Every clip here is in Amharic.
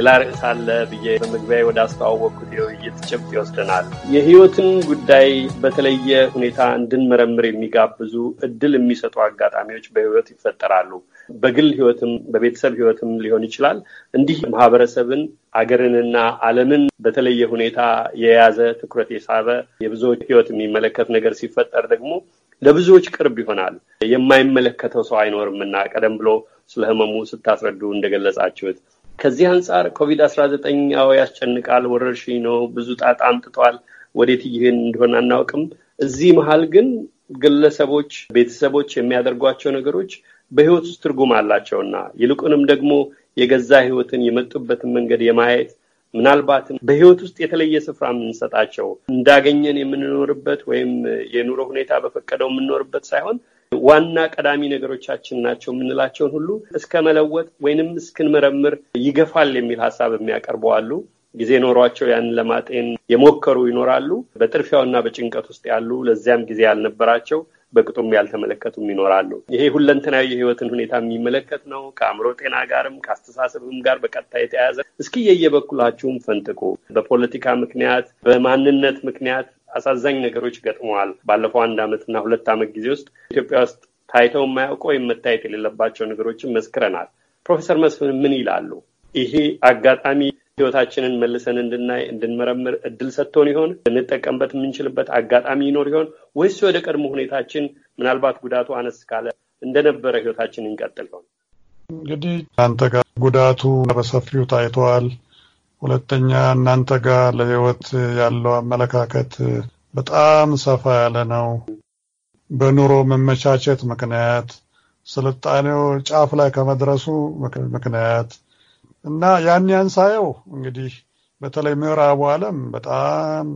ሌላ ርዕስ አለ ብዬ በመግቢያ ወደ አስተዋወቅኩት የውይይት ጭብጥ ይወስደናል። የህይወትን ጉዳይ በተለየ ሁኔታ እንድንመረምር የሚጋብዙ እድል የሚሰጡ አጋጣሚዎች በህይወት ይፈጠራሉ። በግል ህይወትም በቤተሰብ ህይወትም ሊሆን ይችላል። እንዲህ ማህበረሰብን አገርንና ዓለምን በተለየ ሁኔታ የያዘ ትኩረት የሳበ የብዙዎች ህይወት የሚመለከት ነገር ሲፈጠር ደግሞ ለብዙዎች ቅርብ ይሆናል። የማይመለከተው ሰው አይኖርምና ቀደም ብሎ ስለ ህመሙ ስታስረዱ እንደገለጻችሁት ከዚህ አንጻር ኮቪድ-19 ያው ያስጨንቃል፣ ወረርሽኝ ነው፣ ብዙ ጣጣ አምጥተዋል። ወዴት ይህን እንደሆነ አናውቅም። እዚህ መሀል ግን ግለሰቦች፣ ቤተሰቦች የሚያደርጓቸው ነገሮች በህይወት ውስጥ ትርጉም አላቸውና ይልቁንም ደግሞ የገዛ ህይወትን የመጡበትን መንገድ የማየት ምናልባትም በህይወት ውስጥ የተለየ ስፍራ የምንሰጣቸው እንዳገኘን የምንኖርበት ወይም የኑሮ ሁኔታ በፈቀደው የምንኖርበት ሳይሆን ዋና ቀዳሚ ነገሮቻችን ናቸው የምንላቸውን ሁሉ እስከ መለወጥ ወይንም እስክንመረምር ይገፋል የሚል ሀሳብ የሚያቀርቡ አሉ። ጊዜ ኖሯቸው ያን ለማጤን የሞከሩ ይኖራሉ። በጥርፊያውና በጭንቀት ውስጥ ያሉ ለዚያም ጊዜ ያልነበራቸው በቅጡም ያልተመለከቱም ይኖራሉ። ይሄ ሁለንተናዊ የህይወትን ሁኔታ የሚመለከት ነው። ከአእምሮ ጤና ጋርም ከአስተሳሰብም ጋር በቀጥታ የተያያዘ እስኪ የየበኩላችሁም ፈንጥቁ። በፖለቲካ ምክንያት፣ በማንነት ምክንያት አሳዛኝ ነገሮች ገጥመዋል። ባለፈው አንድ ዓመትና ሁለት ዓመት ጊዜ ውስጥ ኢትዮጵያ ውስጥ ታይተው የማያውቁ ወይም መታየት የሌለባቸው ነገሮችን መስክረናል። ፕሮፌሰር መስፍን ምን ይላሉ? ይሄ አጋጣሚ ህይወታችንን መልሰን እንድናይ እንድንመረምር እድል ሰጥቶን ይሆን? ልንጠቀምበት የምንችልበት አጋጣሚ ይኖር ይሆን? ወይስ ወደ ቀድሞ ሁኔታችን ምናልባት ጉዳቱ አነስ ካለ እንደነበረ ህይወታችን እንቀጥል ይሆን? እንግዲህ አንተ ጋር ጉዳቱ በሰፊው ታይተዋል። ሁለተኛ እናንተ ጋር ለህይወት ያለው አመለካከት በጣም ሰፋ ያለ ነው። በኑሮ መመቻቸት ምክንያት ስልጣኔው ጫፍ ላይ ከመድረሱ ምክንያት እና ያን ያን ሳየው እንግዲህ በተለይ ምዕራቡ ዓለም በጣም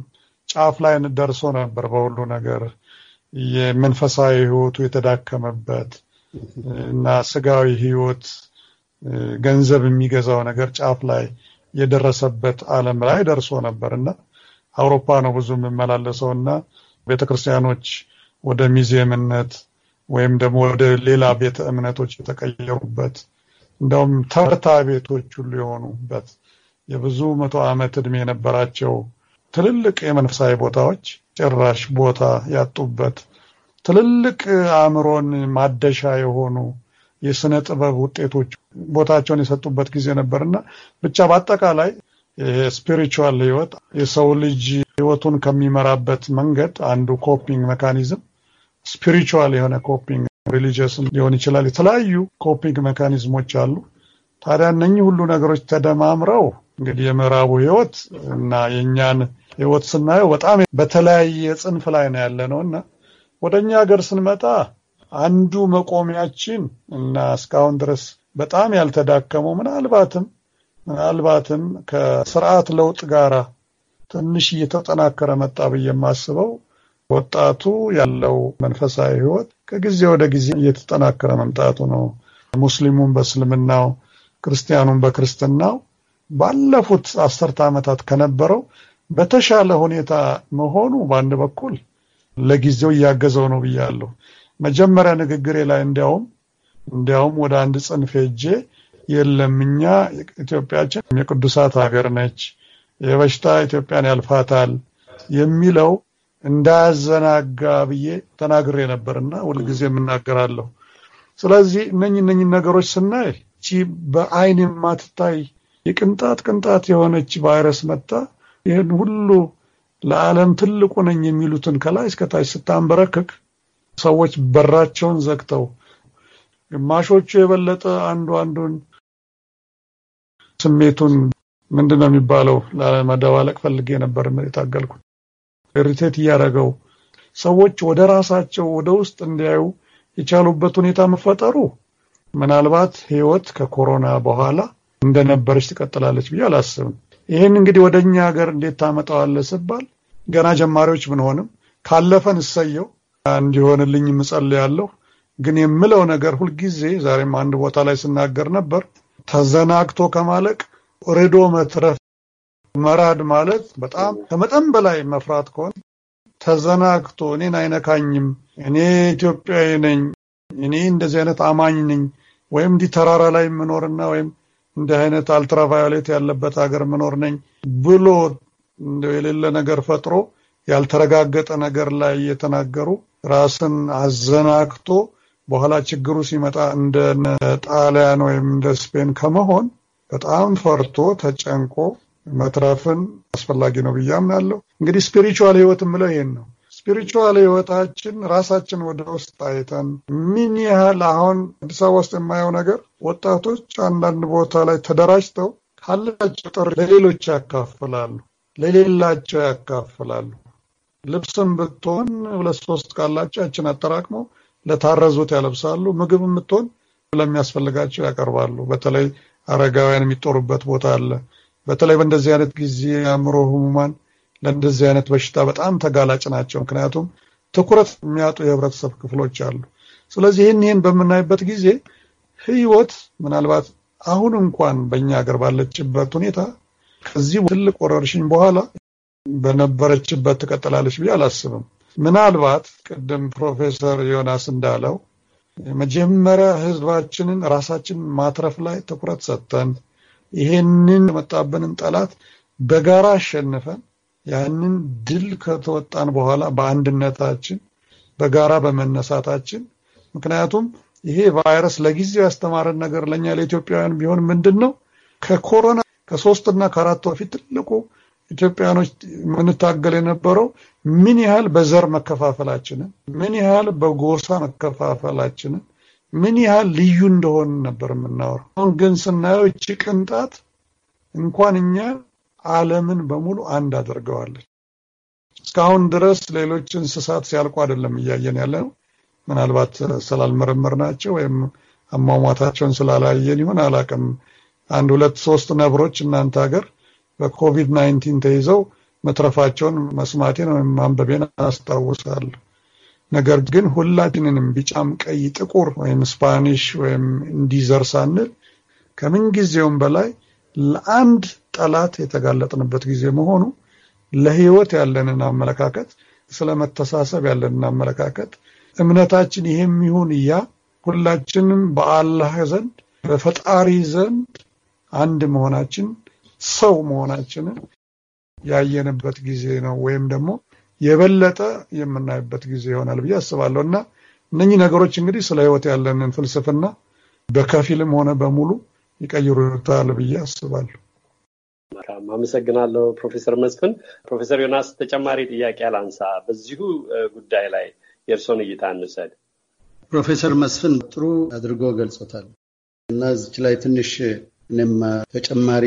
ጫፍ ላይ ደርሶ ነበር። በሁሉ ነገር የመንፈሳዊ ህይወቱ የተዳከመበት እና ስጋዊ ህይወት ገንዘብ የሚገዛው ነገር ጫፍ ላይ የደረሰበት ዓለም ላይ ደርሶ ነበር እና አውሮፓ ነው ብዙ የምመላለሰው እና ቤተክርስቲያኖች ወደ ሚዚየምነት ወይም ደግሞ ወደ ሌላ ቤተ እምነቶች የተቀየሩበት እንደውም ተርታ ቤቶች ሁሉ የሆኑበት የብዙ መቶ ዓመት ዕድሜ የነበራቸው ትልልቅ የመንፈሳዊ ቦታዎች ጭራሽ ቦታ ያጡበት ትልልቅ አእምሮን ማደሻ የሆኑ የስነ ጥበብ ውጤቶች ቦታቸውን የሰጡበት ጊዜ ነበርና ብቻ በአጠቃላይ የስፒሪቹዋል ህይወት የሰው ልጅ ህይወቱን ከሚመራበት መንገድ አንዱ ኮፒንግ መካኒዝም ስፒሪቹዋል የሆነ ኮፒንግ ሪሊጂየስ ሊሆን ይችላል። የተለያዩ ኮፒንግ መካኒዝሞች አሉ። ታዲያ እነኚህ ሁሉ ነገሮች ተደማምረው እንግዲህ የምዕራቡ ህይወት እና የእኛን ህይወት ስናየው በጣም በተለያየ ጽንፍ ላይ ነው ያለ ነው እና ወደ እኛ ሀገር ስንመጣ አንዱ መቆሚያችን እና እስካሁን ድረስ በጣም ያልተዳከመው ምናልባትም ምናልባትም ከስርዓት ለውጥ ጋር ትንሽ እየተጠናከረ መጣ ብዬ የማስበው ወጣቱ ያለው መንፈሳዊ ህይወት ከጊዜ ወደ ጊዜ እየተጠናከረ መምጣቱ ነው። ሙስሊሙም በእስልምናው፣ ክርስቲያኑም በክርስትናው ባለፉት አስርተ ዓመታት ከነበረው በተሻለ ሁኔታ መሆኑ በአንድ በኩል ለጊዜው እያገዘው ነው ብያለሁ። መጀመሪያ ንግግሬ ላይ እንዲያውም እንዲያውም ወደ አንድ ጽንፍ ሄጄ የለም እኛ ኢትዮጵያችን የቅዱሳት ሀገር ነች፣ የበሽታ ኢትዮጵያን ያልፋታል የሚለው እንዳያዘናጋ ብዬ ተናግሬ ነበርና ሁልጊዜ የምናገራለሁ። ስለዚህ እነኝ እነኝ ነገሮች ስናይ ቺ በአይን የማትታይ የቅንጣት ቅንጣት የሆነች ቫይረስ መጣ ይህን ሁሉ ለዓለም ትልቁ ነኝ የሚሉትን ከላይ እስከታች ስታንበረክክ ሰዎች በራቸውን ዘግተው ግማሾቹ የበለጠ አንዱ አንዱን ስሜቱን ምንድን ነው የሚባለው ለመደባለቅ ፈልጌ ነበር የታገልኩት ኢሪቴት እያደረገው ሰዎች ወደ ራሳቸው ወደ ውስጥ እንዲያዩ የቻሉበት ሁኔታ መፈጠሩ ምናልባት ህይወት ከኮሮና በኋላ እንደነበረች ትቀጥላለች ብዬ አላስብም። ይህን እንግዲህ ወደ እኛ ሀገር እንዴት ታመጣዋለህ ስባል ገና ጀማሪዎች ብንሆንም ካለፈን እሰየው፣ እንዲሆንልኝ እጸልያለሁ። ግን የምለው ነገር ሁልጊዜ ዛሬም አንድ ቦታ ላይ ስናገር ነበር፣ ተዘናግቶ ከማለቅ ርዶ መትረፍ መራድ ማለት በጣም ከመጠን በላይ መፍራት ከሆነ ተዘናግቶ እኔን አይነካኝም፣ እኔ ኢትዮጵያዊ ነኝ፣ እኔ እንደዚህ አይነት አማኝ ነኝ ወይም እንዲህ ተራራ ላይ ምኖርና ወይም እንዲህ አይነት አልትራቫዮሌት ያለበት ሀገር ምኖር ነኝ ብሎ የሌለ ነገር ፈጥሮ ያልተረጋገጠ ነገር ላይ እየተናገሩ ራስን አዘናግቶ በኋላ ችግሩ ሲመጣ እንደ ጣሊያን ወይም እንደ ስፔን ከመሆን በጣም ፈርቶ ተጨንቆ መትረፍን አስፈላጊ ነው ብዬ አምናለሁ። እንግዲህ ስፒሪቹዋል ህይወት የምለው ይሄን ነው። ስፒሪቹዋል ህይወታችን ራሳችን ወደ ውስጥ አይተን ምን ያህል አሁን አዲስ አበባ ውስጥ የማየው ነገር ወጣቶች አንዳንድ ቦታ ላይ ተደራጅተው ካላቸው ጥሪ ለሌሎች ያካፍላሉ፣ ለሌላቸው ያካፍላሉ። ልብስም ብትሆን ሁለት ሶስት ካላቸው ያችን አጠራቅመው ለታረዙት ያለብሳሉ። ምግብ የምትሆን ለሚያስፈልጋቸው ያቀርባሉ። በተለይ አረጋውያን የሚጦሩበት ቦታ አለ። በተለይ በእንደዚህ አይነት ጊዜ አእምሮ ህሙማን ለእንደዚህ አይነት በሽታ በጣም ተጋላጭ ናቸው። ምክንያቱም ትኩረት የሚያጡ የህብረተሰብ ክፍሎች አሉ። ስለዚህ ይህን ይህን በምናይበት ጊዜ ህይወት ምናልባት አሁን እንኳን በእኛ ሀገር ባለችበት ሁኔታ ከዚህ ትልቅ ወረርሽኝ በኋላ በነበረችበት ትቀጥላለች ብዬ አላስብም። ምናልባት ቅድም ፕሮፌሰር ዮናስ እንዳለው መጀመሪያ ህዝባችንን ራሳችን ማትረፍ ላይ ትኩረት ሰጥተን ይሄንን የመጣብንን ጠላት በጋራ አሸንፈን ያንን ድል ከተወጣን በኋላ በአንድነታችን በጋራ በመነሳታችን ምክንያቱም ይሄ ቫይረስ ለጊዜው ያስተማረን ነገር ለእኛ ለኢትዮጵያውያን ቢሆን ምንድን ነው ከኮሮና ከሶስትና ከአራት በፊት ትልቁ ኢትዮጵያኖች የምንታገል የነበረው ምን ያህል በዘር መከፋፈላችንን፣ ምን ያህል በጎሳ መከፋፈላችንን፣ ምን ያህል ልዩ እንደሆን ነበር የምናወራው። አሁን ግን ስናየው እቺ ቅንጣት እንኳን እኛ ዓለምን በሙሉ አንድ አድርገዋለች። እስካሁን ድረስ ሌሎች እንስሳት ሲያልቁ አይደለም እያየን ያለ ነው። ምናልባት ስላልመረመር ናቸው ወይም አሟሟታቸውን ስላላየን ይሆን አላቅም። አንድ ሁለት ሶስት ነብሮች እናንተ ሀገር በኮቪድ ናይንቲን ተይዘው መትረፋቸውን መስማቴን ወይም ማንበቤን አስታውሳለሁ። ነገር ግን ሁላችንንም ቢጫም፣ ቀይ፣ ጥቁር ወይም ስፓኒሽ ወይም እንዲዘር ሳንል ከምንጊዜውም በላይ ለአንድ ጠላት የተጋለጥንበት ጊዜ መሆኑ ለህይወት ያለንን አመለካከት፣ ስለ መተሳሰብ ያለንን አመለካከት እምነታችን ይሄም ይሁን እያ ሁላችንም በአላህ ዘንድ በፈጣሪ ዘንድ አንድ መሆናችን ሰው መሆናችንን ያየንበት ጊዜ ነው ወይም ደግሞ የበለጠ የምናይበት ጊዜ ይሆናል ብዬ አስባለሁ እና እነኚህ ነገሮች እንግዲህ ስለ ህይወት ያለንን ፍልስፍና በከፊልም ሆነ በሙሉ ይቀይሩታል ብዬ አስባለሁ። አመሰግናለሁ ፕሮፌሰር መስፍን። ፕሮፌሰር ዮናስ ተጨማሪ ጥያቄ አላንሳ፣ በዚሁ ጉዳይ ላይ የእርስዎን እይታ እንውሰድ። ፕሮፌሰር መስፍን ጥሩ አድርጎ ገልጾታል እና እዚች ላይ ትንሽ እኔም ተጨማሪ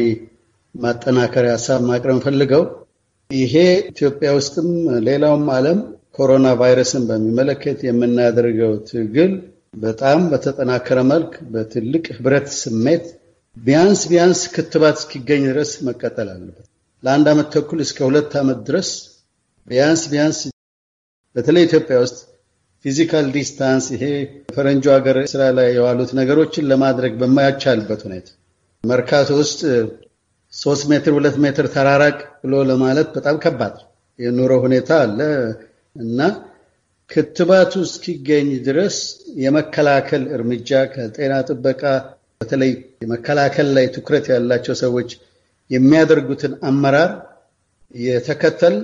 ማጠናከሪያ ሀሳብ ማቅረብ ፈልገው ይሄ ኢትዮጵያ ውስጥም ሌላውም ዓለም ኮሮና ቫይረስን በሚመለከት የምናደርገው ትግል በጣም በተጠናከረ መልክ በትልቅ ህብረት ስሜት ቢያንስ ቢያንስ ክትባት እስኪገኝ ድረስ መቀጠል አለበት። ለአንድ ዓመት ተኩል እስከ ሁለት ዓመት ድረስ ቢያንስ ቢያንስ በተለይ ኢትዮጵያ ውስጥ ፊዚካል ዲስታንስ ይሄ ፈረንጁ ሀገር ስራ ላይ የዋሉት ነገሮችን ለማድረግ በማያቻልበት ሁኔታ መርካቶ ውስጥ ሶስት ሜትር ሁለት ሜትር ተራራቅ ብሎ ለማለት በጣም ከባድ የኑሮ ሁኔታ አለ እና ክትባቱ እስኪገኝ ድረስ የመከላከል እርምጃ ከጤና ጥበቃ በተለይ የመከላከል ላይ ትኩረት ያላቸው ሰዎች የሚያደርጉትን አመራር የተከተል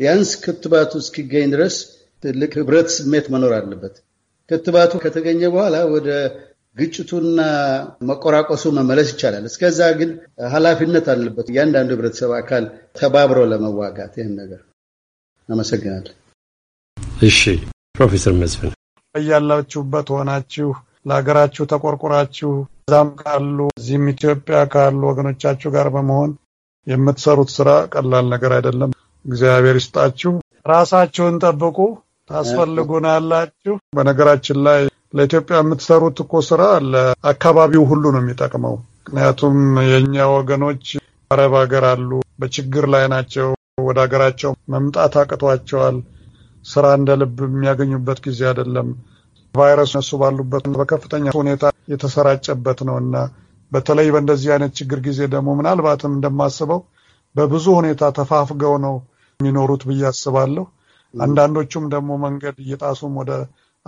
ቢያንስ ክትባቱ እስኪገኝ ድረስ ትልቅ ህብረት ስሜት መኖር አለበት። ክትባቱ ከተገኘ በኋላ ወደ ግጭቱና መቆራቆሱ መመለስ ይቻላል። እስከዛ ግን ኃላፊነት አለበት እያንዳንዱ ህብረተሰብ አካል ተባብሮ ለመዋጋት ይህን ነገር። አመሰግናለሁ። እሺ ፕሮፌሰር መስፍን እያላችሁበት ሆናችሁ ለሀገራችሁ ተቆርቁራችሁ እዛም ካሉ እዚህም ኢትዮጵያ ካሉ ወገኖቻችሁ ጋር በመሆን የምትሰሩት ስራ ቀላል ነገር አይደለም። እግዚአብሔር ይስጣችሁ። ራሳችሁን ጠብቁ። ታስፈልጉናላችሁ። በነገራችን ላይ ለኢትዮጵያ የምትሰሩት እኮ ስራ ለአካባቢው ሁሉ ነው የሚጠቅመው። ምክንያቱም የእኛ ወገኖች አረብ ሀገር አሉ፣ በችግር ላይ ናቸው። ወደ ሀገራቸው መምጣት አቅቷቸዋል። ስራ እንደ ልብ የሚያገኙበት ጊዜ አይደለም። ቫይረስ እነሱ ባሉበት በከፍተኛ ሁኔታ የተሰራጨበት ነው እና በተለይ በእንደዚህ አይነት ችግር ጊዜ ደግሞ ምናልባትም እንደማስበው በብዙ ሁኔታ ተፋፍገው ነው የሚኖሩት ብዬ አስባለሁ። አንዳንዶቹም ደግሞ መንገድ እየጣሱም ወደ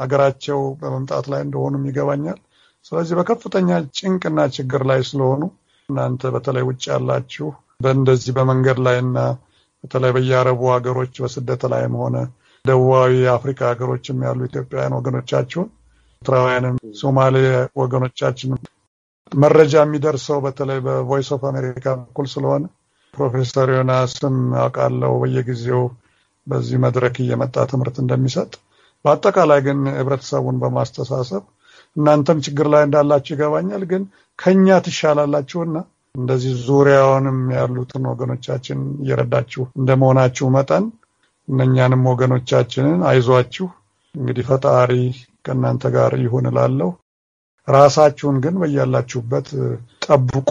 አገራቸው በመምጣት ላይ እንደሆኑም ይገባኛል። ስለዚህ በከፍተኛ ጭንቅና ችግር ላይ ስለሆኑ እናንተ በተለይ ውጭ ያላችሁ በእንደዚህ በመንገድ ላይና በተለይ በየአረቡ ሀገሮች በስደት ላይም ሆነ ደቡባዊ የአፍሪካ ሀገሮችም ያሉ ኢትዮጵያውያን ወገኖቻችሁን፣ ኤርትራውያንም ሶማሌ ወገኖቻችንም መረጃ የሚደርሰው በተለይ በቮይስ ኦፍ አሜሪካ በኩል ስለሆነ ፕሮፌሰር ዮናስም አውቃለሁ በየጊዜው በዚህ መድረክ እየመጣ ትምህርት እንደሚሰጥ በአጠቃላይ ግን ህብረተሰቡን በማስተሳሰብ እናንተም ችግር ላይ እንዳላችሁ ይገባኛል፣ ግን ከኛ ትሻላላችሁና እንደዚህ ዙሪያውንም ያሉትን ወገኖቻችን እየረዳችሁ እንደመሆናችሁ መጠን እነኛንም ወገኖቻችንን አይዟችሁ፣ እንግዲህ ፈጣሪ ከእናንተ ጋር ይሁን እላለሁ። ራሳችሁን ግን በያላችሁበት ጠብቁ።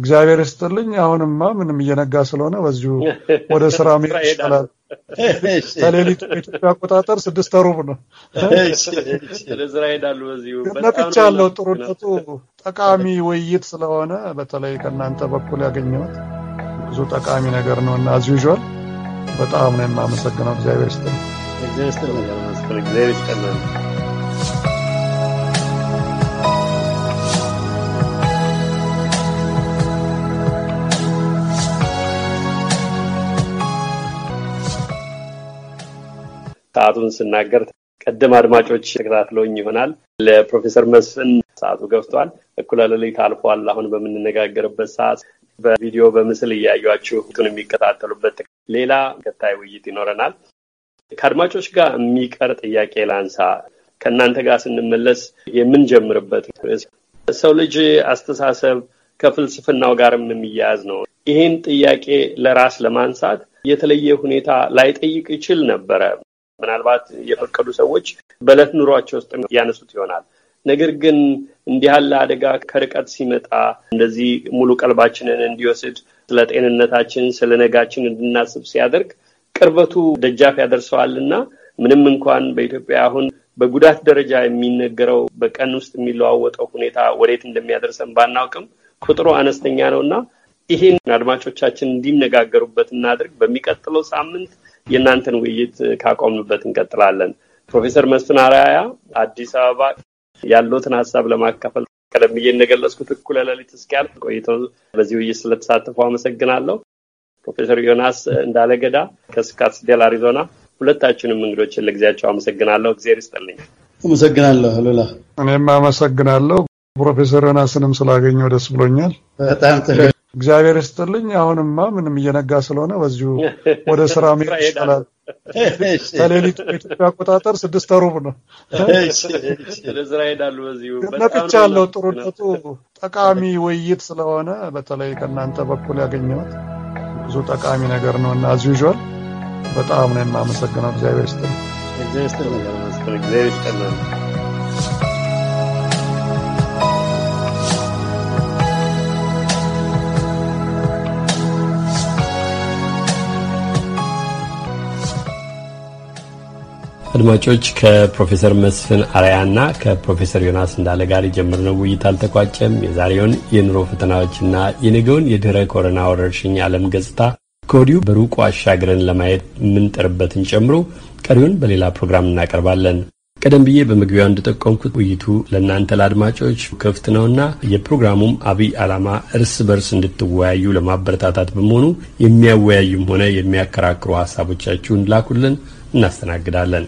እግዚአብሔር ይስጥልኝ። አሁንማ ምንም እየነጋ ስለሆነ በዚሁ ወደ ስራ መሄድ ይሻላል። በሌሊቱ በኢትዮጵያ አቆጣጠር ስድስት ሩብ ነው። ለዝራ ሄዳሉ። በዚሁ ነቅቻለሁ። ጥሩነቱ ጠቃሚ ውይይት ስለሆነ በተለይ ከእናንተ በኩል ያገኘሁት ብዙ ጠቃሚ ነገር ነው እና አዝ ዩዥዋል በጣም ነው የማመሰግነው። እግዚአብሔር ይስጥልኝ። እግዚአብሔር ይስጥልኝ። ሰዓቱን ስናገር ቀደም አድማጮች ተከታትለውኝ ይሆናል። ለፕሮፌሰር መስፍን ሰዓቱ ገብቷል፣ እኩለ ሌሊት አልፏል። አሁን በምንነጋገርበት ሰዓት በቪዲዮ በምስል እያያችሁ ቱን የሚከታተሉበት ሌላ ከታይ ውይይት ይኖረናል። ከአድማጮች ጋር የሚቀር ጥያቄ ላንሳ። ከእናንተ ጋር ስንመለስ የምንጀምርበት ሰው ልጅ አስተሳሰብ ከፍልስፍናው ጋርም የሚያያዝ ነው። ይህን ጥያቄ ለራስ ለማንሳት የተለየ ሁኔታ ላይጠይቅ ይችል ነበረ። ምናልባት የፈቀዱ ሰዎች በዕለት ኑሯቸው ውስጥ ያነሱት ይሆናል። ነገር ግን እንዲህ ያለ አደጋ ከርቀት ሲመጣ እንደዚህ ሙሉ ቀልባችንን እንዲወስድ ስለ ጤንነታችን፣ ስለ ነጋችን እንድናስብ ሲያደርግ ቅርበቱ ደጃፍ ያደርሰዋልና ምንም እንኳን በኢትዮጵያ አሁን በጉዳት ደረጃ የሚነገረው በቀን ውስጥ የሚለዋወጠው ሁኔታ ወዴት እንደሚያደርሰን ባናውቅም ቁጥሩ አነስተኛ ነው እና ይህን አድማጮቻችን እንዲነጋገሩበት እናድርግ። በሚቀጥለው ሳምንት የእናንተን ውይይት ካቆምንበት እንቀጥላለን። ፕሮፌሰር መስፍን አራያ አዲስ አበባ ያሉትን ሀሳብ ለማካፈል ቀደም ብዬ እንደገለጽኩት እኩለ ሌሊት እስኪያልፍ ቆይተው በዚህ ውይይት ስለተሳተፉ አመሰግናለሁ። ፕሮፌሰር ዮናስ እንዳለገዳ ከስካትስዴል አሪዞና፣ ሁለታችንም እንግዶችን ለጊዜያቸው አመሰግናለሁ። እግዜር ይስጥልኝ። አመሰግናለሁ እግዜር ይስጥልኝ አመሰግናለሁ ሉላ እኔም አመሰግናለሁ ፕሮፌሰር ዮናስንም ስላገኘው ደስ ብሎኛል። በጣም ጥሩ። እግዚአብሔር ይስጥልኝ። አሁንማ ምንም እየነጋ ስለሆነ በዚሁ ወደ ስራ መሄድ ይችላል። ከሌሊቱ በኢትዮጵያ አቆጣጠር ስድስት ሩብ ነው። ስራ ነቅቻለሁ። ጥሩነቱ ጠቃሚ ውይይት ስለሆነ በተለይ ከእናንተ በኩል ያገኘሁት ብዙ ጠቃሚ ነገር ነው እና አዝ ዩዥዋል በጣም ነው የማመሰግነው። እግዚአብሔር ይስጥልኝ። እግዚአብሔር ይስጥልኝ። አድማጮች ከፕሮፌሰር መስፍን አርያና ከፕሮፌሰር ዮናስ እንዳለ ጋር የጀመርነው ውይይት አልተቋጨም። የዛሬውን የኑሮ ፈተናዎችና የነገውን የድህረ ኮሮና ወረርሽኝ ዓለም ገጽታ ከወዲሁ በሩቁ አሻግረን ለማየት የምንጥርበትን ጨምሮ ቀሪውን በሌላ ፕሮግራም እናቀርባለን። ቀደም ብዬ በመግቢያው እንደጠቆምኩት ውይይቱ ለእናንተ ለአድማጮች ክፍት ነውና የፕሮግራሙም አብይ ዓላማ እርስ በርስ እንድትወያዩ ለማበረታታት በመሆኑ የሚያወያዩም ሆነ የሚያከራክሩ ሀሳቦቻችሁን ላኩልን፣ እናስተናግዳለን።